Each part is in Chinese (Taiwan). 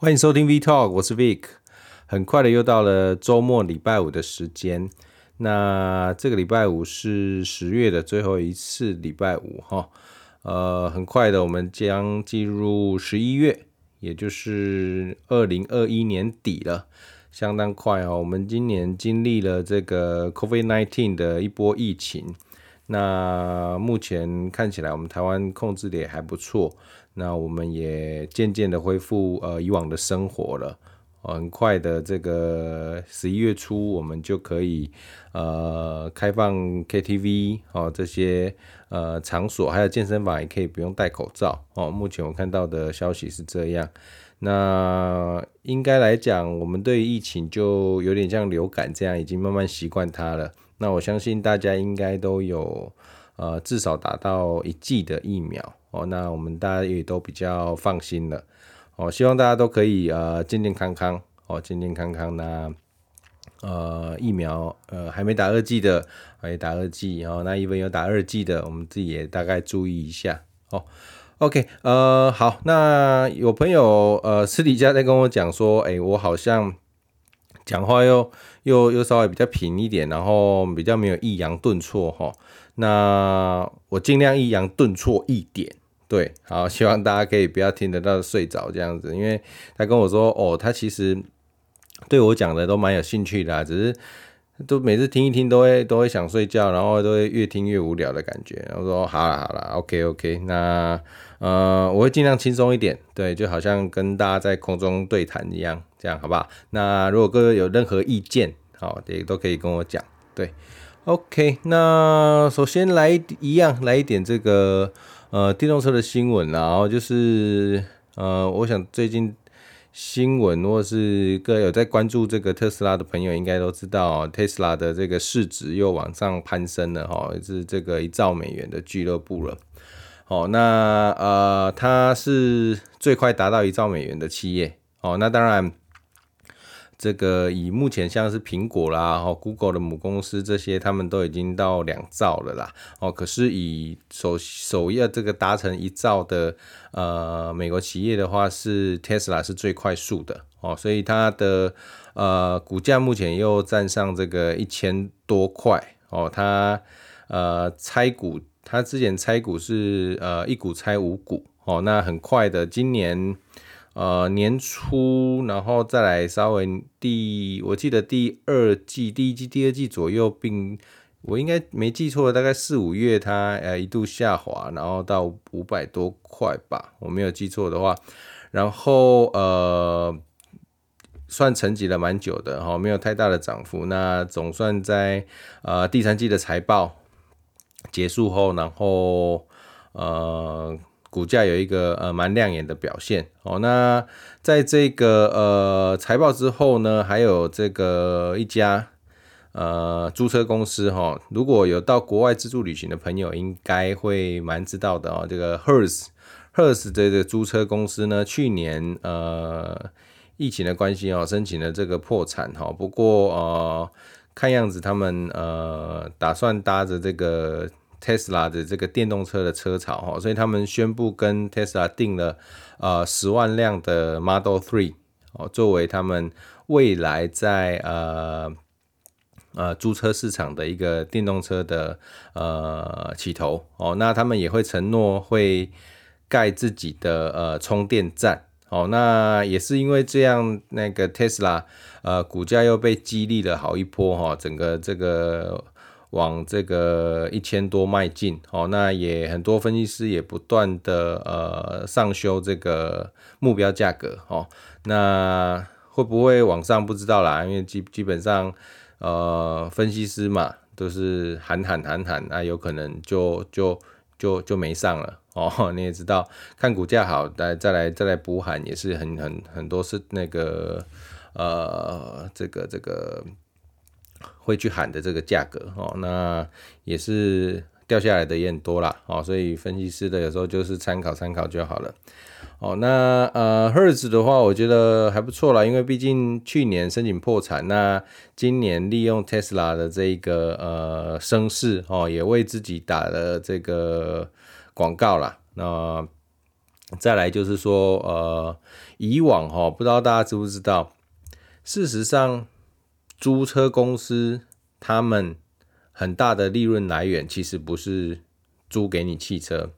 歡迎收聽 V Talk，我是 Vic。很快的又到了週末禮拜五的時間，那這個禮拜五是十月的最後一次禮拜五哈。呃，很快的我們將進入十一月，也就是二零二一年底了，相當快哦。我們今年經歷了這個 COVID nineteen 的一波疫情，那目前看起來我們台灣控制的也還不錯。那我們也漸漸的恢復呃以往的生活了，哦、很快的這個十一月初我們就可以呃開放 KTV 哦，這些呃場所，還有健身房也可以不用戴口罩哦。目前我看到的消息是這樣，那應該來講，我們對疫情就有點像流感這樣，已經慢慢習慣它了。那我相信大家應該都有呃至少打到一劑的疫苗。哦，那我們大家也都比較放心了。哦，希望大家都可以呃健健康康哦，健健康康呢。呃，疫苗呃還沒打二劑的，還沒打二劑哦。那一般有打二劑的，我們自己也大概注意一下哦。OK，呃，好，那有朋友呃私底下在跟我講說，哎、欸，我好像講話又又又稍微比較平一點，然後比較沒有抑揚頓挫哈。那我盡量抑揚頓挫一點。對，好，希望大家可以不要聽得到睡着這樣子，因為他跟我說，哦，他其實對我講的都蠻有興趣的啊，只是都每次聽一聽都會都會想睡覺，然後都會越聽越無聊的感覺。我說，哦，好了好了，OK OK，那呃我會盡量輕鬆一點，對，就好像跟大家在空中對談一樣，這樣好不好？那如果各位有任何意見，好，也都可以跟我講。對，OK，那首先來一樣，來一點這個。呃，電動車的新聞，然後就是呃，我想最近新聞或是各位有在關注這個特斯拉的朋友，應該都知道，特斯拉的這個市值又往上攀升了，哈、哦，是這個一兆美元的俱樂部了。哦，那呃，它是最快達到一兆美元的企業。哦，那當然。這個以目前像是蘋果啦，然、哦、Google 的母公司這些，他們都已經到兩兆了啦。哦，可是以首首要這個達成一兆的呃美國企業的話，是 Tesla 是最快速的哦，所以它的呃股價目前又站上這個一千多塊哦。它呃拆股，它之前拆股是呃一股拆五股哦，那很快的，今年。呃，年初，然後再來稍微第，我記得第二季、第一季、第二季左右，並我應該沒記錯，大概四五月它呃一度下滑，然後到五百多塊吧，我沒有記錯的話，然後呃算沉寂了蠻久的，好、哦，沒有太大的漲幅，那總算在呃第三季的財報結束後，然後呃。股價有一個呃蠻亮眼的表現哦。那在這個呃財報之後呢，還有這個一家呃租車公司哈、哦，如果有到國外自助旅行的朋友，應該會蠻知道的哦。這個 Hertz、Hertz 這個租車公司呢，去年呃疫情的關係哦，申請了這個破產哈、哦。不過呃看樣子他們呃打算搭着這個。特斯拉的這個電動車的車廠哈，所以他們宣布跟特斯拉訂了呃十萬輛的 Model Three 哦，作為他們未來在呃呃租車市場的一個電動車的呃起頭哦。那他們也會承諾會蓋自己的呃充電站哦。那也是因為這樣，那個特斯拉呃股價又被激勵了好一波哈，整個這個。往這個一千多邁進，哦，那也很多分析師也不斷的呃上修這個目標價格，哦，那會不會往上不知道啦，因為基基本上呃分析師嘛都是喊喊喊喊，那、啊、有可能就就就就沒上了，哦，你也知道看股價好，再來再來再來補喊也是很很很多是那個呃這個這個。這個會去喊的這個價格哦，那也是掉下來的也很多啦。哦，所以分析師的有時候就是參考參考就好了。哦，那呃，Hertz 的話，我覺得還不錯啦，因為畢竟去年申請破產，那今年利用 Tesla 的這個呃聲勢哦，也為自己打了這個廣告啦。那、呃、再來就是說呃，以往哈、哦，不知道大家知不知道，事實上。租車公司，他們很大的利潤來源其實不是租給你汽車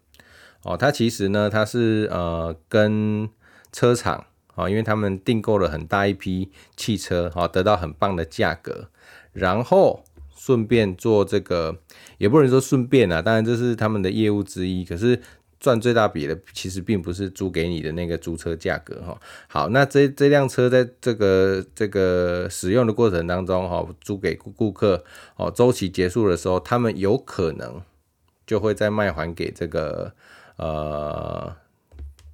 哦，他其實呢，他是呃跟車廠啊、哦，因為他們訂購了很大一批汽車啊、哦，得到很棒的價格，然後順便做這個，也不能說順便啊，當然這是他們的業務之一，可是。賺最大筆的其實並不是租給你的那個租車價格哈。好，那這這輛車在這個這個使用的過程當中哈，租給顧顧客哦，周期結束的時候，他們有可能就會再賣還給這個呃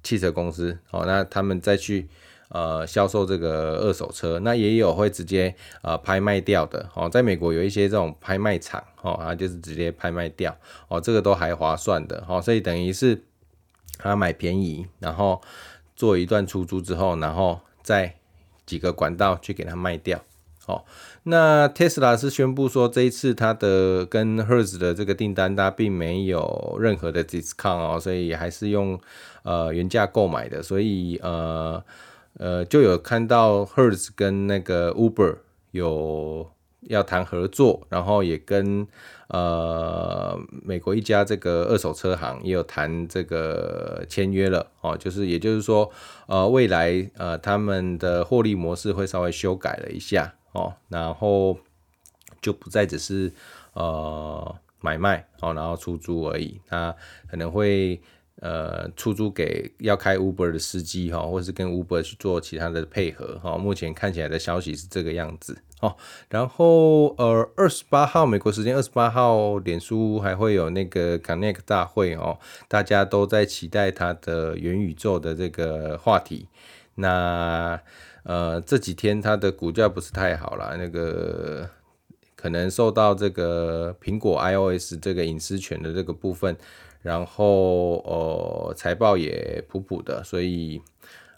汽車公司哦，那他們再去。呃，銷售這個二手車，那也有會直接呃拍賣掉的哦。在美國有一些這種拍賣場哦，它、啊、就是直接拍賣掉哦，這個都還划算的哦。所以等於是他買便宜，然後做一段出租之後，然後再幾個管道去給他賣掉哦。那特斯拉是宣布說，這一次它的跟 Hertz 的這個訂單它並沒有任何的 discount 哦，所以還是用呃原價購買的，所以呃。呃，就有看到 Hertz 跟那個 Uber 有要談合作，然後也跟呃美國一家這個二手車行也有談這個簽約了哦，就是也就是說，呃，未來呃他們的獲利模式會稍微修改了一下哦，然後就不再只是呃買賣哦，然後出租而已，那可能會。呃，出租給要開 Uber 的司機哈、哦，或是跟 Uber 去做其他的配合哈、哦。目前看起來的消息是這個樣子、哦、然後呃，二十八號美國時間二十八號，臉書還會有那個 Connect 大會哦，大家都在期待它的元宇宙的這個話題。那呃，這幾天它的股價不是太好了，那個可能受到這個蘋果 iOS 這個隱私權的這個部分。然後，呃、哦，財報也普普的，所以，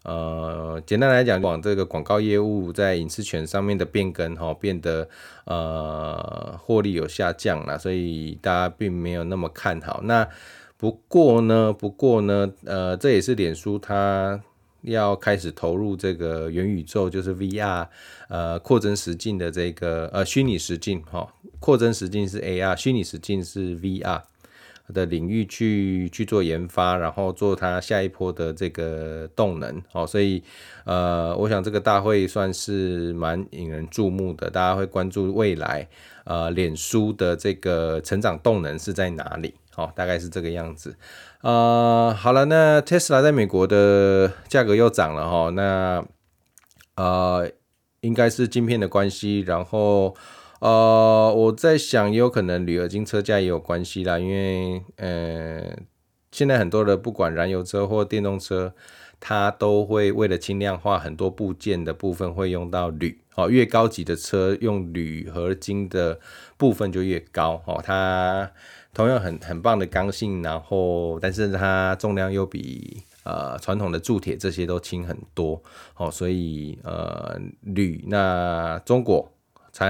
呃，簡單來講，往這個廣告業務在隱私權上面的變更，哈、哦，變得呃，獲利有下降啦，所以大家並沒有那麼看好。那不過呢，不過呢，呃，這也是臉書它要開始投入這個元宇宙，就是 VR，呃，擴增實境的這個呃虛擬實境，哈、哦，擴增實境是 AR，虛擬實境是 VR。的領域去去做研發，然後做它下一波的這個動能哦，所以呃，我想這個大會算是蠻引人注目的，大家會關注未來呃，臉書的這個成長動能是在哪裡哦，大概是這個樣子。呃，好了，那 Tesla 在美國的價格又漲了哈、哦，那呃，應該是晶片的關係，然後。呃，我在想，也有可能鋁合金車架也有關係啦，因為呃，現在很多的不管燃油車或電動車，它都會為了輕量化，很多部件的部分會用到鋁哦。越高級的車用鋁合金的部分就越高哦，它同樣很很棒的剛性，然後但是它重量又比呃傳統的鑄鐵這些都輕很多哦，所以呃鋁，那中國。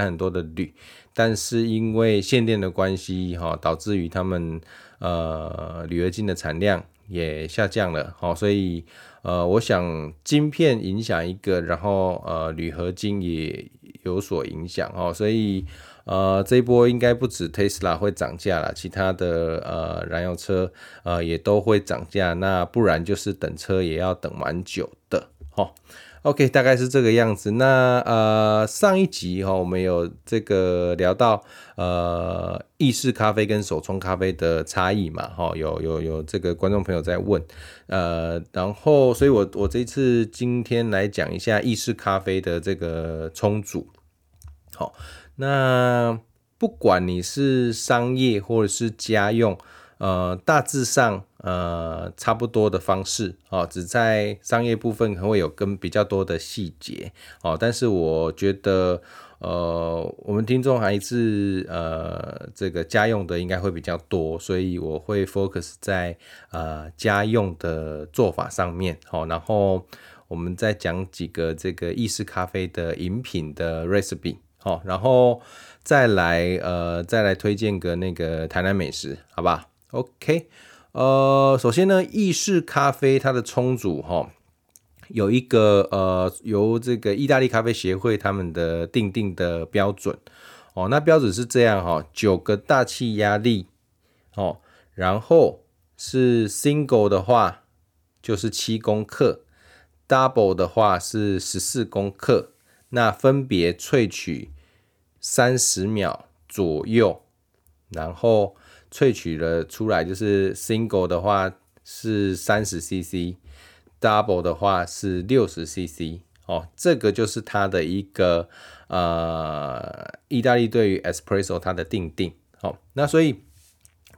很多的鋁，但是因為限電的關係，哈，導致於他們呃鋁合金的產量也下降了，所以呃，我想晶片影響一個，然後呃鋁合金也有所影響，哦，所以呃這一波應該不止 Tesla 會漲價了，其他的呃燃油車呃也都會漲價，那不然就是等車也要等蠻久的，哈 OK，大概是這個樣子。那呃，上一集哈，我們有這個聊到呃意式咖啡跟手沖咖啡的差異嘛，哈，有有有這個觀眾朋友在問，呃，然後所以我，我我這次今天來講一下意式咖啡的這個沖煮。好，那不管你是商業或者是家用。呃，大致上，呃，差不多的方式哦，只在商業部分可能會有跟比較多的細節哦。但是我覺得，呃，我們聽眾還是呃，這個家用的應該會比較多，所以我會 focus 在呃家用的做法上面哦。然後我們再講幾個這個意式咖啡的飲品的 recipe 哦，然後再來呃，再來推薦個那個台南美食，好吧？OK，呃，首先呢，義式咖啡它的沖煮哈，有一個呃由這個義大利咖啡協會他們的定定的標準哦，那標準是這樣哈，九個大氣壓力哦，然後是 single 的話就是七公克，double 的話是十四公克，那分別萃取三十秒左右，然後。萃取了出來，就是 single 的話是三十 cc，double 的話是六十 cc，哦，這個就是它的一個呃，意大利對於 espresso 它的定定，哦，那所以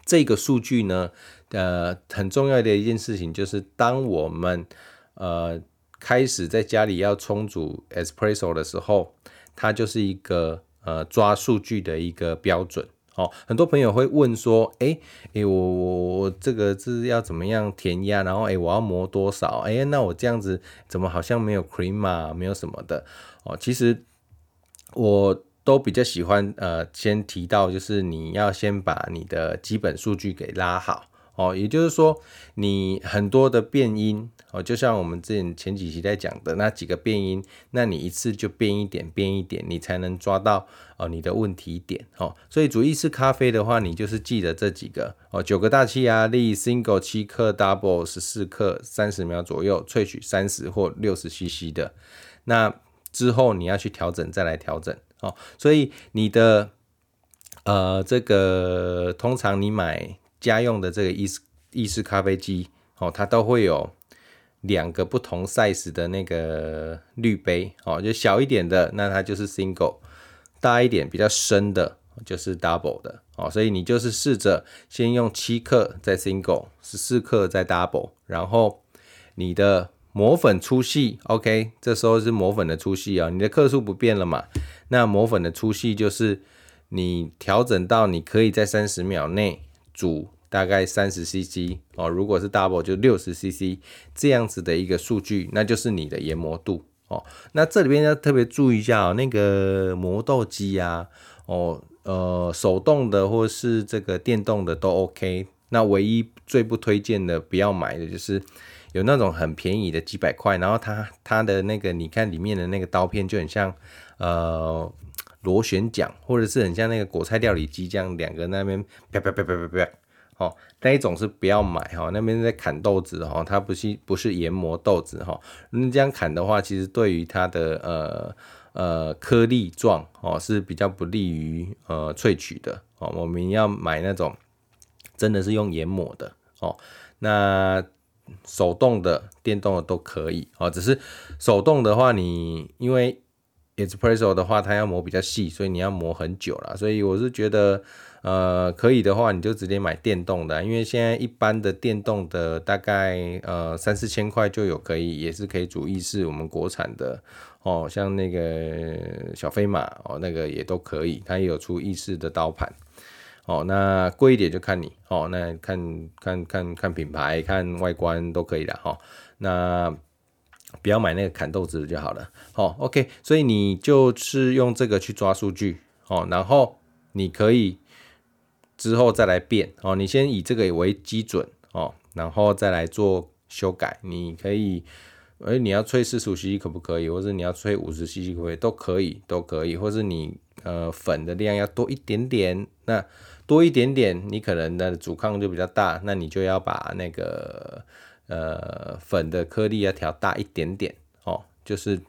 這個數據呢，呃，很重要的一件事情就是，當我們呃開始在家裡要沖煮 espresso 的時候，它就是一個呃抓數據的一個標準。哦，很多朋友會問說，誒、欸、誒，欸、我我我這個是要怎麼樣填壓？然後、欸，誒我要磨多少？誒、欸，那我這樣子怎麼好像沒有 cream 啊，沒有什麼的？哦，其實我都比較喜歡，呃，先提到就是你要先把你的基本數據給拉好。哦，也就是說，你很多的變音哦，就像我們之前前幾期在講的那幾個變音，那你一次就變一點，變一點，你才能抓到哦，你的問題點哦。所以煮意式咖啡的話，你就是記得這幾個哦：九個大氣壓力，single 七克，double 十四克，三十秒左右萃取三十或六十 cc 的。那之後你要去調整，再來調整哦。所以你的呃，這個通常你買。家用的這個意式意式咖啡機哦，它都會有兩個不同 size 的那個濾杯哦，就小一點的，那它就是 single，大一點比較深的就是 double 的哦，所以你就是試着先用七克在 single，十四克在 double，然後你的磨粉粗細，OK，這時候是磨粉的粗細哦。你的克數不變了嘛，那磨粉的粗細就是你調整到你可以在三十秒內煮。大概三十 cc 哦，如果是 double 就六十 cc 這樣子的一個數據，那就是你的研磨度哦。那這裡邊要特別注意一下哦，那個磨豆機啊，哦，呃，手動的或是這個電動的都 OK。那唯一最不推薦的，不要買的就是有那種很便宜的幾百塊，然後它它的那個你看裡面的那個刀片就很像呃螺旋槳，或者是很像那個果菜料理機這樣，兩個那邊啪啪啪啪啪啪。哦，那一種是不要買哈、哦，那邊在砍豆子哈、哦，它不是不是研磨豆子哈，你、哦嗯、這樣砍的話，其實對於它的呃呃顆粒狀哦是比較不利於呃萃取的哦，我們要買那種真的是用研磨的哦，那手動的、電動的都可以哦，只是手動的話你，你因為 espresso 的話它要磨比較細，所以你要磨很久了，所以我是覺得。呃，可以的話，你就直接買電動的啊，因為現在一般的電動的大概呃三四千塊就有，可以也是可以煮意式，我們國產的哦，像那個小飛馬哦，那個也都可以，它也有出意式的刀盤哦。那貴一點就看你哦，那看看看看品牌，看外觀都可以了哦，那不要買那個砍豆子的就好了。哦，OK，所以你就是用這個去抓數據哦，然後你可以。之後再來變哦，你先以這個為基準哦，然後再來做修改。你可以，哎、欸，你要吹四十 cc 可不可以？或者你要吹五十，cc 可不可以？都可以，都可以。或是你呃粉的量要多一點點，那多一點點，你可能的阻抗就比較大，那你就要把那個呃粉的顆粒要調大一點點哦，就是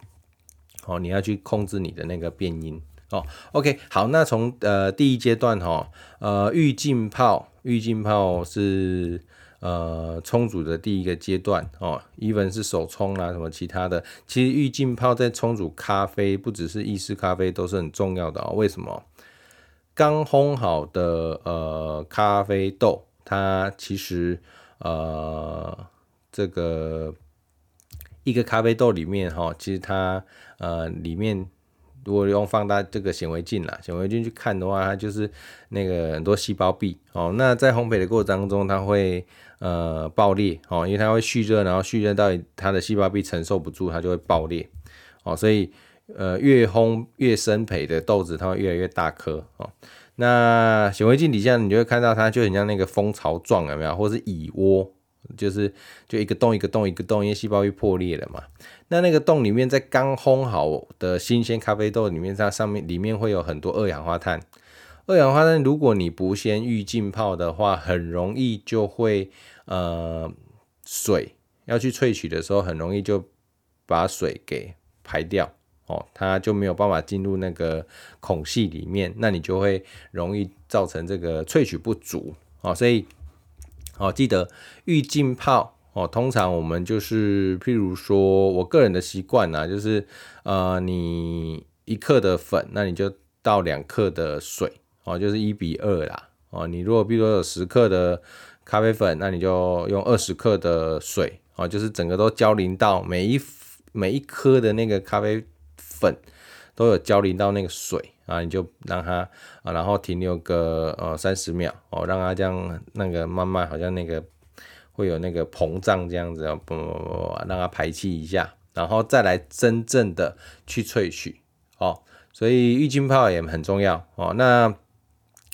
哦，你要去控制你的那個變音。哦，OK，好，那從呃第一階段哈，呃預浸泡，預浸泡是呃沖煮的第一個階段哦，even 是手沖啦，什麼其他的，其實預浸泡在沖煮咖啡不只是意式咖啡都是很重要的哦，為什麼？剛烘好的呃咖啡豆，它其實呃這個一個咖啡豆裡面哈，其實它呃裡面。如果用放大這個顯微鏡啦，顯微鏡去看的話，它就是那個很多細胞壁哦。那在烘焙的過程當中，它會呃爆裂哦，因為它會蓄熱，然後蓄熱到底它的細胞壁承受不住，它就會爆裂哦。所以呃，越烘越深焙的豆子，它會越來越大顆哦。那顯微鏡底下，你就會看到它就很像那個蜂巢狀，有沒有？或是蟻窩？就是就一個洞一個洞一個洞，因為細胞會破裂了嘛。那那個洞裡面，在剛烘好的新鮮咖啡豆裡面，它上面裡面會有很多二氧化碳。二氧化碳，如果你不先預浸泡的話，很容易就會呃，水要去萃取的時候，很容易就把水給排掉哦，它就沒有辦法進入那個孔隙裡面，那你就會容易造成這個萃取不足哦。所以。好、哦，記得預浸泡哦。通常我們就是，譬如說，我個人的習慣啊就是，呃，你一克的粉，那你就倒兩克的水哦，就是一比二啦。哦，你如果比如說有十克的咖啡粉，那你就用二十克的水哦，就是整個都澆淋到每一每一顆的那個咖啡粉，都有澆淋到那個水。啊，你就讓它，啊，然後停留個呃三十秒哦，讓它這樣那個慢慢好像那個會有那個膨脹這樣子，不不不，讓它排氣一下，然後再來真正的去萃取哦。所以預浸泡也很重要哦。那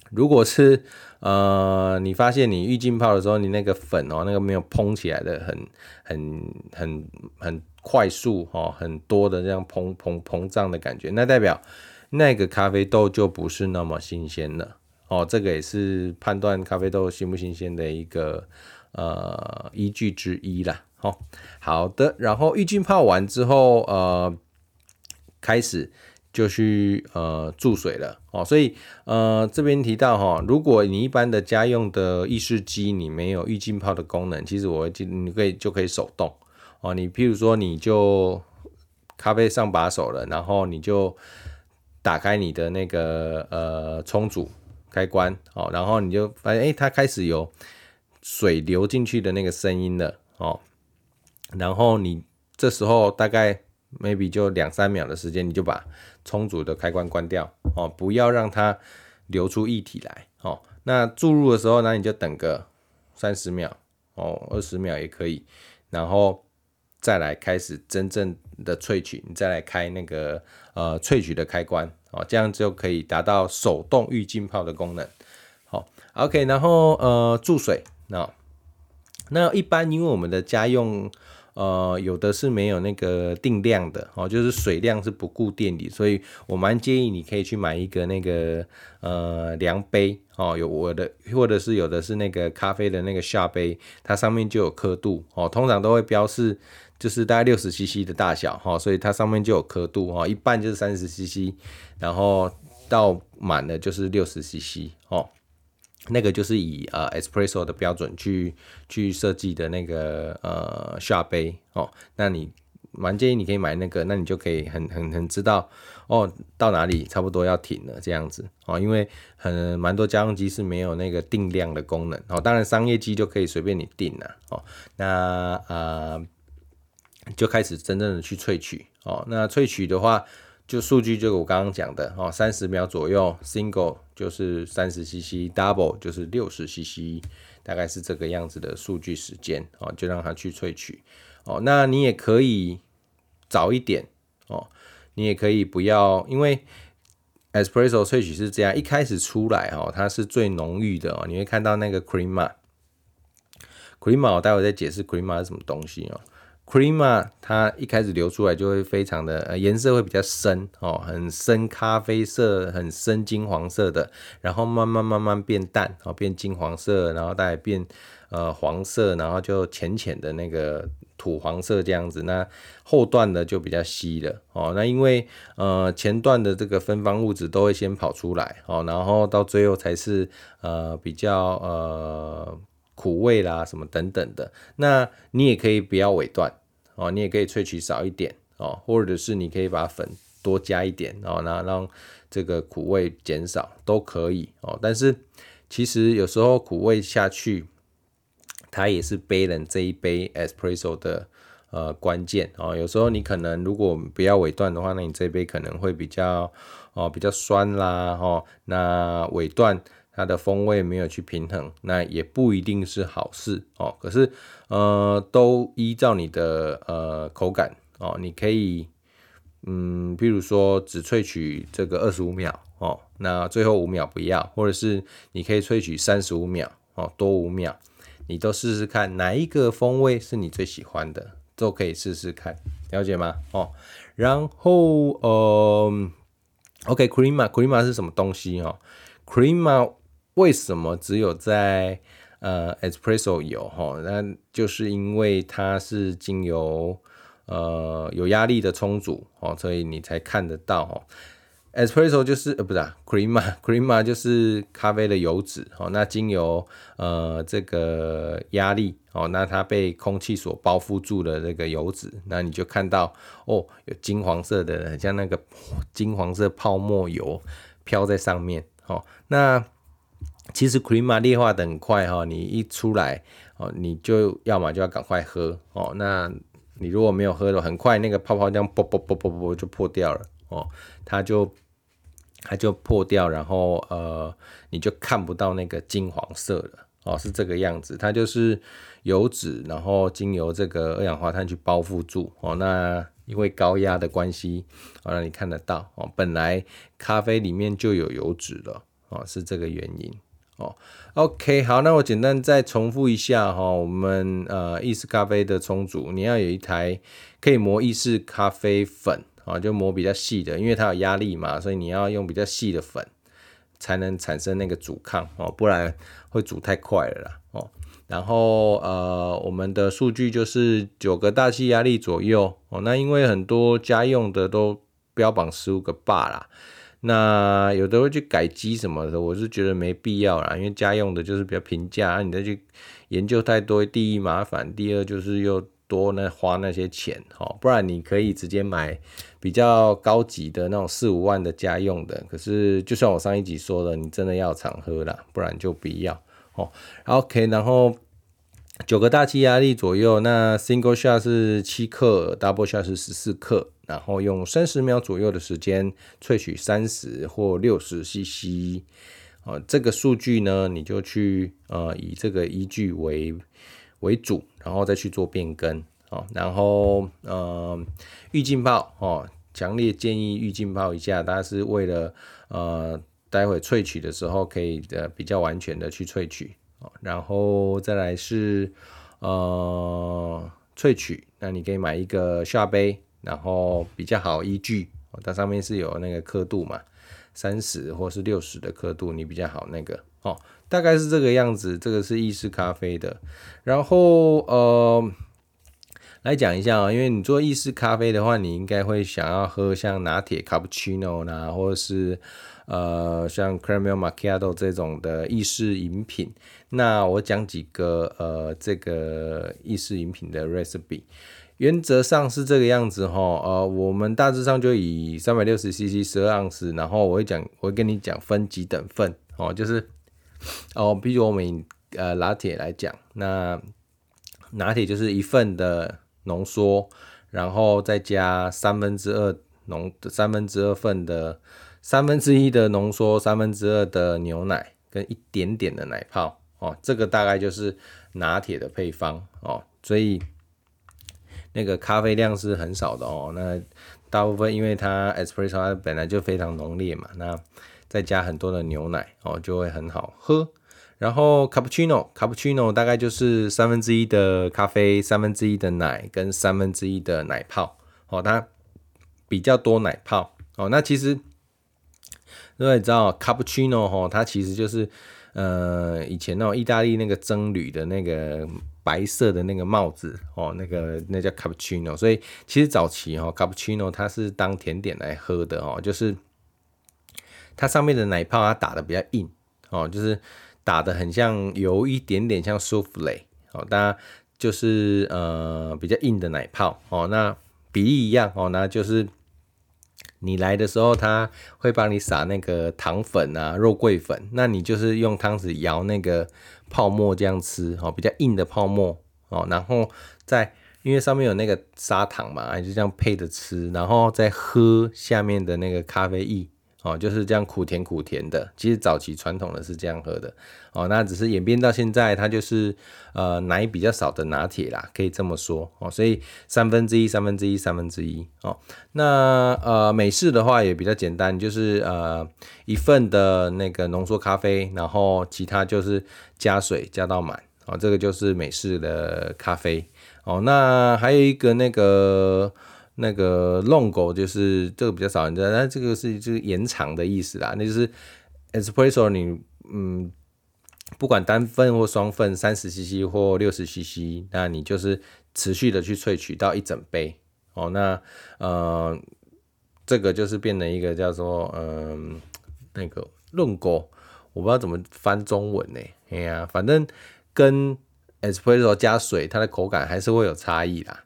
如果是呃你發現你預浸泡的時候，你那個粉哦那個沒有膨起來的，很很很很快速哦，很多的這樣膨膨膨脹的感覺，那代表。那個咖啡豆就不是那麼新鮮了哦，這個也是判斷咖啡豆新不新鮮的一個呃依據之一啦。好、哦、好的，然後預浸泡完之後，呃，開始就去呃注水了哦。所以呃這邊提到哈、哦，如果你一般的家用的意式機你沒有預浸泡的功能，其實我可你可以就可以手動哦。你譬如說你就咖啡上把手了，然後你就打開你的那個呃沖煮開關，哦、喔，然後你就發現誒、欸，它開始有水流進去的那個聲音了，哦、喔。然後你這時候大概 maybe 就兩三秒的時間，你就把沖煮的開關關掉，哦、喔，不要讓它流出液體來，哦、喔，那注入的時候呢，那你就等個三十秒，哦、喔，二十秒也可以，然後。再來開始真正的萃取，你再來開那個呃萃取的開關哦、喔，這樣就可以達到手動預浸泡的功能。好、喔，OK，然後呃注水那、喔、那一般因為我們的家用呃有的是沒有那個定量的哦、喔，就是水量是不固定的。所以我蠻建議你可以去買一個那個呃量杯哦、喔，有我的或者是有的是那個咖啡的那個下杯，它上面就有刻度哦、喔，通常都會標示。就是大概六十 CC 的大小，所以它上面就有刻度，一半就是三十 CC，然後到滿了就是六十 CC 哦。那個就是以呃 Espresso 的標準去去設計的那個呃下杯哦。那你蠻建議你可以買那個，那你就可以很很很知道哦、喔、到哪裡差不多要停了這樣子哦，因為很蠻多家用機是沒有那個定量的功能哦、喔，當然商業機就可以隨便你定了哦、喔。那啊。呃就開始真正的去萃取哦。那萃取的話，就數據就我剛剛講的哦，三十秒左右，single 就是三十 cc，double 就是六十 cc，大概是這個樣子的數據時間哦，就讓它去萃取哦。那你也可以早一點哦，你也可以不要，因為 espresso 萃取是這樣，一開始出來哦，它是最濃郁的哦，你會看到那個 crema，crema，我待會再解釋 crema 是什麼東西哦。crema 它一開始流出來就會非常的呃顏色會比較深哦，很深咖啡色，很深金黃色的，然後慢慢慢慢變淡哦，變金黃色，然後再變呃黃色，然後就淺淺的那個土黃色這樣子。那後段的就比較稀了哦。那因為呃前段的這個芬芳物質都會先跑出來哦，然後到最後才是呃比較呃苦味啦什麼等等的。那你也可以不要尾段。哦，你也可以萃取少一點哦，或者是你可以把粉多加一點哦，然後讓這個苦味減少都可以哦。但是其實有時候苦味下去，它也是背了這一杯 espresso 的呃關鍵哦。有時候你可能如果不要尾段的話，那你這杯可能會比較哦比較酸啦哦，那尾段。它的風味沒有去平衡，那也不一定是好事哦。可是，呃，都依照你的呃口感哦，你可以，嗯，譬如說只萃取這個二十五秒哦，那最後五秒不要，或者是你可以萃取三十五秒哦，多五秒，你都試試看哪一個風味是你最喜歡的，都可以試試看，了解嗎？哦，然後呃，OK，crema，crema 是什麼東西哦？crema 為什麼只有在呃 espresso 有哈？那就是因為它是經由，呃，有壓力的沖煮哦，所以你才看得到、哦、espresso 就是呃不是、啊、crema、crema 就是咖啡的油脂哦。那經由呃這個壓力哦，那它被空氣所包覆住的這個油脂，那你就看到，哦，有金黃色的很像那個金黃色泡沫油飄在上面哦。那其實 crema 劣化的很快哈、喔。你一出來哦、喔，你就要嘛就要趕快喝哦、喔。那你如果沒有喝的，很快那個泡泡這樣啵啵啵啵啵就破掉了哦、喔，它就它就破掉，然後呃，你就看不到那個金黃色了哦、喔，是這個樣子。它就是油脂，然後經由這個二氧化碳去包覆住哦、喔。那因為高壓的關係哦，讓、喔、你看得到哦、喔。本來咖啡裡面就有油脂了哦、喔，是這個原因。哦，OK，好，那我簡單再重複一下哈，我們呃意式咖啡的沖煮，你要有一台可以磨意式咖啡粉啊，就磨比較細的，因為它有壓力嘛，所以你要用比較細的粉才能產生那個阻抗哦，不然會煮太快了啦哦。然後呃，我們的數據就是九個大氣壓力左右哦，那因為很多家用的都標榜十五個 bar 啦。那有的會去改機什麼的，我是覺得沒必要啦，因為家用的就是比較平價，你再去研究太多，第一麻煩，第二就是又多那花那些錢哦。不然你可以直接買比較高級的那種四五萬的家用的。可是就像我上一集說的，你真的要常喝啦，不然就不要哦。然後 OK，然後。九個大氣壓力左右，那 single shot 是七克，double shot 是十四克，然後用三十秒左右的時間萃取三十或六十 cc，哦、呃，這個數據呢，你就去呃以這個依據為為主，然後再去做變更啊、哦，然後呃預浸泡哦，強烈建議預浸泡一下，它是為了呃待會萃取的時候可以呃比較完全的去萃取。然後再來是呃萃取，那你可以買一個下杯，然後比較好依據，它上面是有那個刻度嘛，三十或是六十的刻度，你比較好那個哦，大概是這個樣子，這個是意式咖啡的，然後呃。來講一下啊，因為你做意式咖啡的話，你應該會想要喝像拿鐵 （cappuccino） 呢，或者是呃像 caramel macchiato 這種的意式飲品。那我講幾個呃這個意式飲品的 recipe，原則上是這個樣子哈。呃，我們大致上就以三百六十 cc 十二盎司，然後我會講，我會跟你講分幾等份哦，就是哦，比如我們以呃拿鐵來講，那拿鐵就是一份的濃縮，然後再加三分之二濃三分之二份的三分之一的濃縮，三分之二的牛奶跟一點點的奶泡哦，這個大概就是拿鐵的配方哦，所以那個咖啡量是很少的哦，那大部分因為它 espresso 它本來就非常濃烈嘛，那再加很多的牛奶哦，就會很好喝。然後，cappuccino，cappuccino 大概就是三分之一的咖啡、三分之一的奶跟三分之一的奶泡，哦，它比較多奶泡。哦，那其實因為你知道，cappuccino 哦，它其實就是呃，以前那種意大利那個僧侶的那個白色的那個帽子哦，那個那叫 cappuccino。所以其實早期哦，cappuccino 它是當甜點來喝的哦，就是它上面的奶泡它打得比較硬哦，就是。打的很像油，有一點點像 soufflé、哦、大家就是呃比較硬的奶泡哦。那比喻一樣哦，那就是你來的時候，他會幫你撒那個糖粉啊、肉桂粉，那你就是用湯匙舀那個泡沫這樣吃哦，比較硬的泡沫哦，然後再因為上面有那個砂糖嘛，就這樣配着吃，然後再喝下面的那個咖啡液。哦，就是這樣苦甜苦甜的，其實早期傳統的是這樣喝的哦，那只是演變到現在，它就是呃奶比較少的拿鐵啦，可以這麼說哦。所以三分之一三分之一三分之一哦，那呃美式的話也比較簡單，就是呃一份的那個濃縮咖啡，然後其他就是加水加到滿哦，這個就是美式的咖啡哦。那還有一個那個。那個弄 o 就是這個比較少你知道，那這個是就是延長的意思啦。那就是 espresso，你嗯，不管單份或雙份，三十 cc 或六十 cc，那你就是持續的去萃取到一整杯哦。那呃，這個就是變成一個叫做嗯、呃、那個弄過，我不知道怎麼翻中文呢、欸。哎呀、啊，反正跟 espresso 加水，它的口感還是會有差異啦。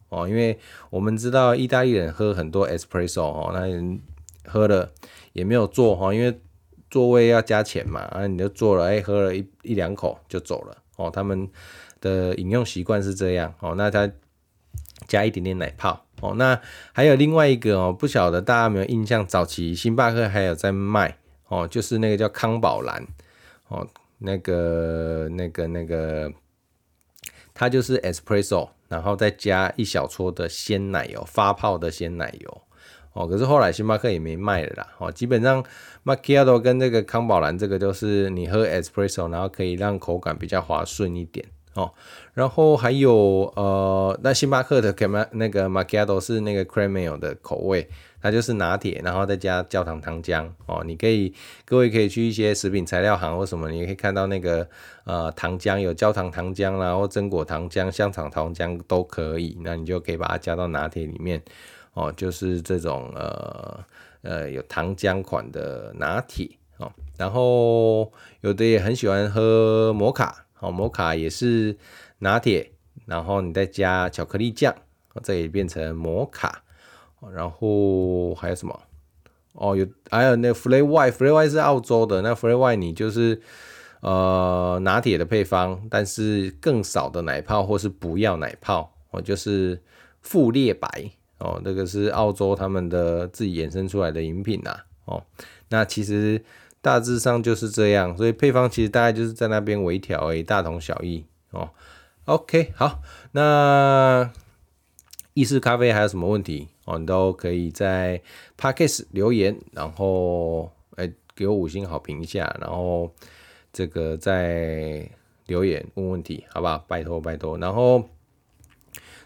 哦，因為我們知道意大利人喝很多 espresso 哦，那人喝了也沒有坐哈，因為座位要加錢嘛，啊，你就坐了，哎、欸，喝了一一兩口就走了。哦，他們的飲用習慣是這樣。哦，那他加一點點奶泡。哦，那還有另外一個哦，不曉得大家有沒有印象，早期星巴克還有在賣哦，就是那個叫康寶藍。哦，那個、那個、那個。它就是 espresso，然後再加一小撮的鮮奶油，發泡的鮮奶油哦。可是後來星巴克也沒賣了啦哦。基本上 macchiato 跟這個康寶藍這個就是你喝 espresso，然後可以讓口感比較滑順一點哦。然後還有呃，那星巴克的可曼那個 macchiato 是那個 creamer 的口味。它就是拿鐵，然後再加焦糖糖漿哦。你可以，各位可以去一些食品材料行或什麼，你可以看到那個呃糖漿有焦糖糖漿啦，或榛果糖漿、香草糖漿都可以。那你就可以把它加到拿鐵裡面哦，就是這種呃呃有糖漿款的拿鐵哦。然後有的也很喜歡喝摩卡，哦，摩卡也是拿鐵，然後你再加巧克力醬，哦，這也變成摩卡。然後還有什麼？哦，有，還、哎、有那 Flat White Flat White 是澳洲的那 Flat White，你就是呃拿鐵的配方，但是更少的奶泡或是不要奶泡，哦，就是馥列白，哦，那個是澳洲他們的自己衍生出來的飲品吶、啊，哦，那其實大致上就是這樣，所以配方其實大概就是在那邊微調而已，大同小異哦。OK，好，那意式咖啡還有什麼問題？我們都可以在 Podcast 留言，然後哎、欸，給我五星好評一下，然後這個再留言問問題，好不好？拜托拜托，然後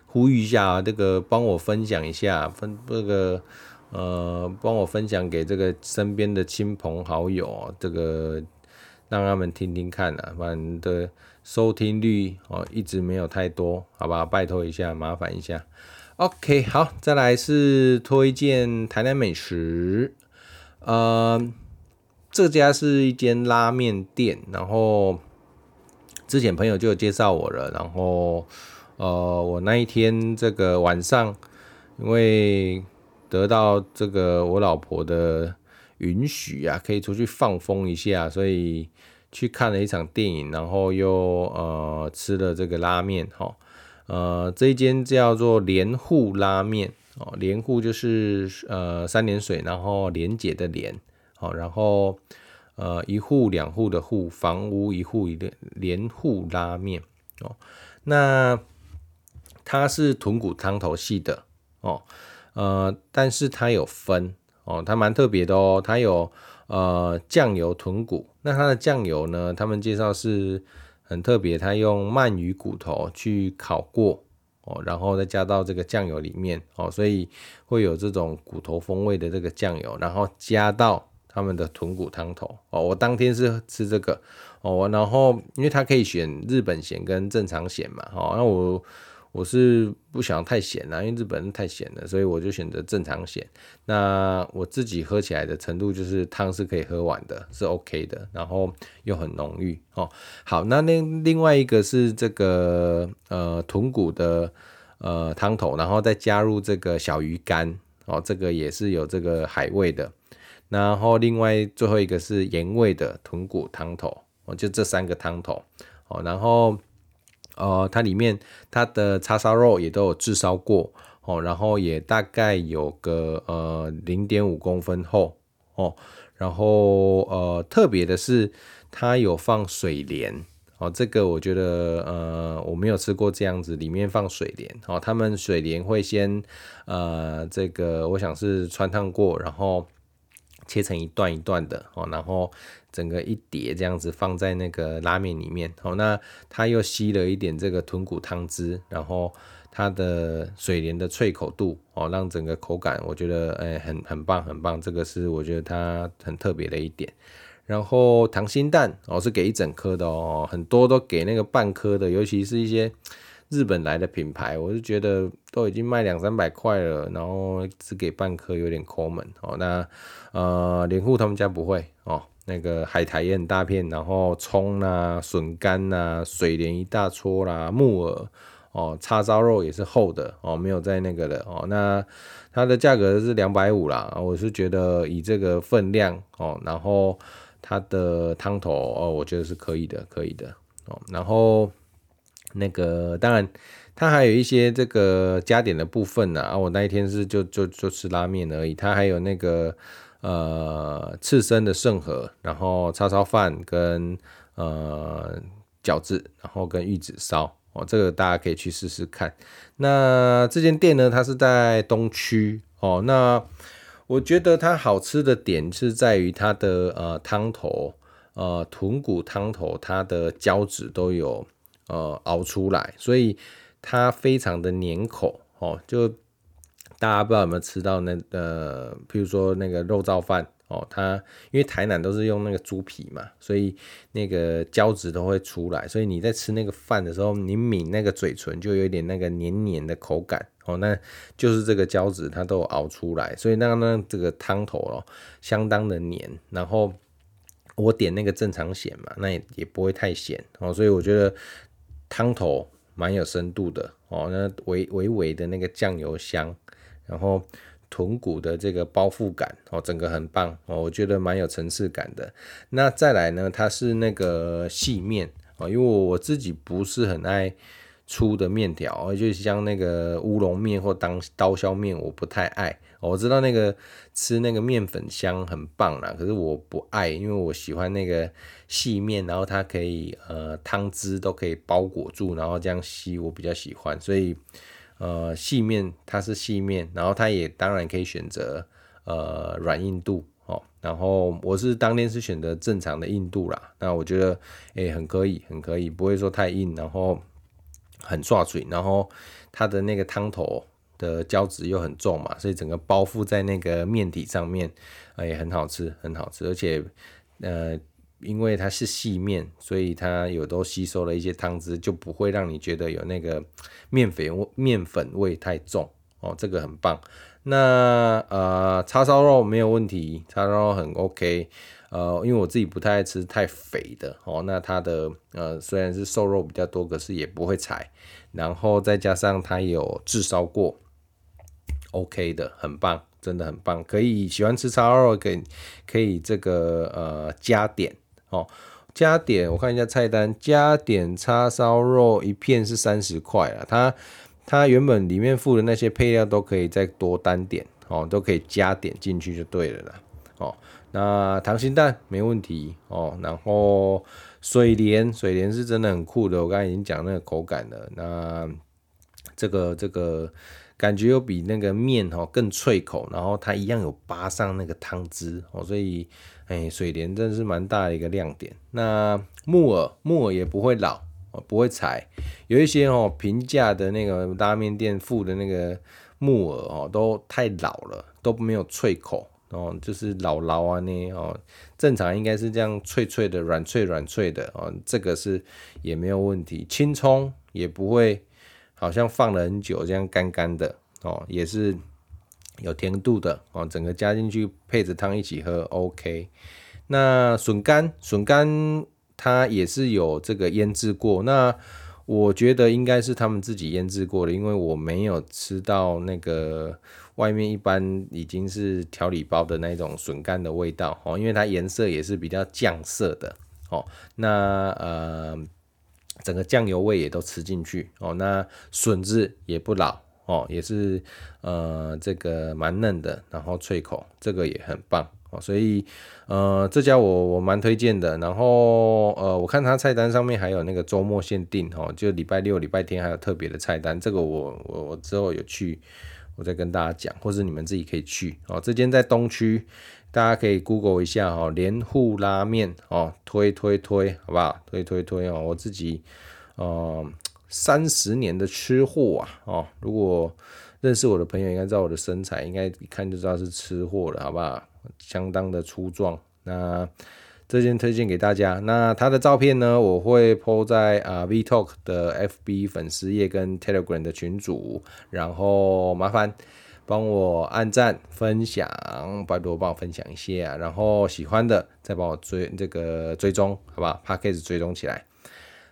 呼籲一下，這個幫我分享一下，分這個呃，幫我分享給這個身邊的親朋好友，這個讓他們聽聽看啊，反正的收聽率哦一直沒有太多，好不好？拜托一下，麻煩一下。OK，好，再來是推薦台南美食，呃，這家是一間拉麵店，然後之前朋友就有介紹我了，然後呃，我那一天這個晚上，因為得到這個我老婆的允許啊，可以出去放風一下，所以去看了一場電影，然後又呃吃了這個拉麵，吼。呃，這一間叫做連戶拉麵哦，連戶就是呃三連水，然後連接的連，哦，然後呃一戶兩戶的戶房屋，一戶一的連，連戶拉麵哦，那它是豚骨湯頭系的哦，呃，但是它有分哦，它蠻特別的哦，它有呃醬油豚骨，那它的醬油呢，他們介紹是。很特別，他用鰻魚骨頭去烤過哦，然後再加到這個醬油裡面哦，所以會有這種骨頭風味的這個醬油，然後加到他們的豚骨湯頭哦。我當天是吃這個哦，然後因為他可以選日本鹹跟正常鹹嘛，哦，那我。我是不想太鹹了，啊，因為日本人太鹹了，所以我就選擇正常鹹。那我自己喝起來的程度就是湯是可以喝完的，是 OK 的，然後又很濃郁哦。好，那另另外一個是這個呃豚骨的呃湯頭，然後再加入這個小魚乾哦、喔，這個也是有這個海味的。然後另外最後一個是鹽味的豚骨湯頭哦，就這三個湯頭哦、喔，然後。呃，它裡面它的叉燒肉也都有炙燒過哦，然後也大概有個呃零點五公分厚哦，然後呃特別的是它有放水蓮哦，這個我覺得呃我沒有吃過這樣子，裡面放水蓮哦，他們水蓮會先呃這個我想是汆燙過，然後切成一段一段的哦，然後。整個一碟這樣子放在那個拉麵裡面哦，那它又吸了一點這個豚骨湯汁，然後它的水蓮的脆口度哦，讓整個口感我覺得誒、欸，很很棒很棒，這個是我覺得它很特別的一點。然後溏心蛋哦是給一整顆的哦喔，很多都給那個半顆的，尤其是一些日本來的品牌，我是覺得都已經賣兩三百塊了，然後只給半顆有點摳門哦。那呃，連戶他們家不會哦。那個海苔也很大片，然後蔥啊、筍乾啊、水蓮一大撮啦、啊、木耳哦、叉燒肉也是厚的哦，沒有在那個的哦。那它的價格是兩百五啦，我是覺得以這個分量哦，然後它的湯頭哦，我覺得是可以的，可以的哦。然後那個當然它還有一些這個加點的部分呢，啊，我那一天是就就就吃拉麵而已，它還有那個。呃，刺身的盛合，然後叉燒飯跟呃餃子，然後跟玉子燒哦，這個大家可以去試試看。那這間店呢，它是在東區哦。那我覺得它好吃的點是在於它的呃湯頭，呃豚骨湯頭，它的膠質都有呃熬出來，所以它非常的黏口哦，就。大家不知道有沒有吃到那個、呃，譬如說那個肉燥飯哦、喔，它因為台南都是用那個豬皮嘛，所以那個膠質都會出來，所以你在吃那個飯的時候，你抿那個嘴唇就有點那個黏黏的口感哦、喔，那就是這個膠質它都有熬出來，所以那那這個湯頭哦、喔，相當的黏。然後我點那個正常鹹嘛，那也也不會太鹹哦、喔，所以我覺得湯頭蠻有深度的哦、喔，那微微微的那個醬油香。然後豚骨的這個包覆感哦，整個很棒哦，我覺得蠻有層次感的。那再來呢，它是那個細麵哦，因為我自己不是很愛粗的麵條，就是像那個烏龍麵或當刀削麵，我不太愛。我知道那個吃那個麵粉香很棒啦，可是我不愛，因為我喜歡那個細麵，然後它可以呃湯汁都可以包裹住，然後這樣吸，我比較喜歡，所以。呃，細麵它是細麵，然後它也當然可以選擇呃軟硬度哦。然後我是當天是選擇正常的硬度啦。那我覺得誒、欸，很可以，很可以，不會說太硬，然後很抓嘴，然後它的那個湯頭的膠質又很重嘛，所以整個包覆在那個麵體上面啊也、欸、很好吃，很好吃，而且呃。因為它是細麵，所以它有都吸收了一些湯汁，就不會讓你覺得有那個麵粉味，麵粉味太重哦，這個很棒。那呃，叉燒肉沒有問題，叉燒肉很 OK。呃，因為我自己不太愛吃太肥的哦，那它的呃雖然是瘦肉比較多，可是也不會柴。然後再加上它有炙燒過，OK 的，很棒，真的很棒，可以喜歡吃叉燒肉，可以可以這個呃加點。哦，加點，我看一下菜單，加點叉燒肉一片是三十塊啊。它它原本裡面附的那些配料都可以再多單點哦，都可以加點進去就對了啦。哦，那溏心蛋沒問題哦。然後水蓮，水蓮是真的很酷的，我剛才已經講那個口感了。那這個這個感覺又比那個麵哦更脆口，然後它一樣有扒上那個湯汁哦，所以。哎、欸，水蓮真的是蠻大的一個亮點。那木耳，木耳也不會老，不會柴。有一些哦、喔，平價的那個拉麵店附的那個木耳哦、喔，都太老了，都沒有脆口哦、喔，就是老老啊那哦、喔。正常應該是這樣脆脆的，軟脆軟脆的哦、喔。這個是也沒有問題，青蔥也不會好像放了很久這樣乾乾的哦、喔，也是。有甜度的哦，整個加進去配着湯一起喝，OK。那筍乾，筍乾它也是有這個醃製過，那我覺得應該是他們自己醃製過的，因為我沒有吃到那個外面一般已經是調理包的那種筍乾的味道哦，因為它顏色也是比較醬色的哦。那呃，整個醬油味也都吃進去哦，那筍子也不老。哦，也是，呃，這個蠻嫩的，然後脆口，這個也很棒哦，所以，呃，這家我我蠻推薦的。然後，呃，我看他菜單上面還有那個週末限定哦，就禮拜六、禮拜天還有特別的菜單，這個我我我之後有去，我再跟大家講，或是你們自己可以去哦。這間在東區，大家可以 Google 一下哦，蓮戶拉麵哦，推推推，好不好？推推推哦，我自己，哦、呃。三十年的吃貨啊，哦，如果認識我的朋友應該知道我的身材，應該一看就知道是吃貨了，好不好？相當的粗壯。那這件推薦給大家。那他的照片呢，我會 po 在啊 V Talk 的 FB 粉絲頁跟 Telegram 的群組，然後麻煩幫我按贊、分享，拜託幫我分享一些啊。然後喜歡的再幫我追這個追蹤，好不好？Podcast 追蹤起來。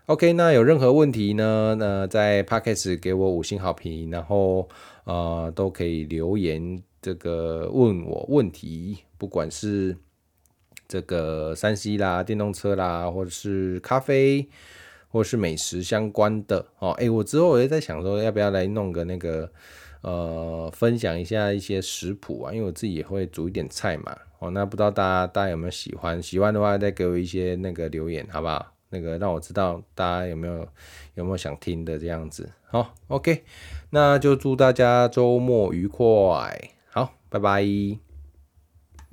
OK，那有任何問題呢？那在 Podcast 給我五星好評，然後呃都可以留言這個問我問題，不管是這個 3C 啦、電動車啦，或者是咖啡，或是美食相關的哦。哎、欸，我之後我也在想說，要不要來弄個那個呃分享一下一些食譜啊，因為我自己也會煮一點菜嘛。哦，那不知道大家大家有沒有喜歡？喜歡的話再給我一些那個留言，好不好？那個讓我知道大家有沒有有沒有想聽的這樣子。好，好，OK，那就祝大家週末愉快，好，拜拜。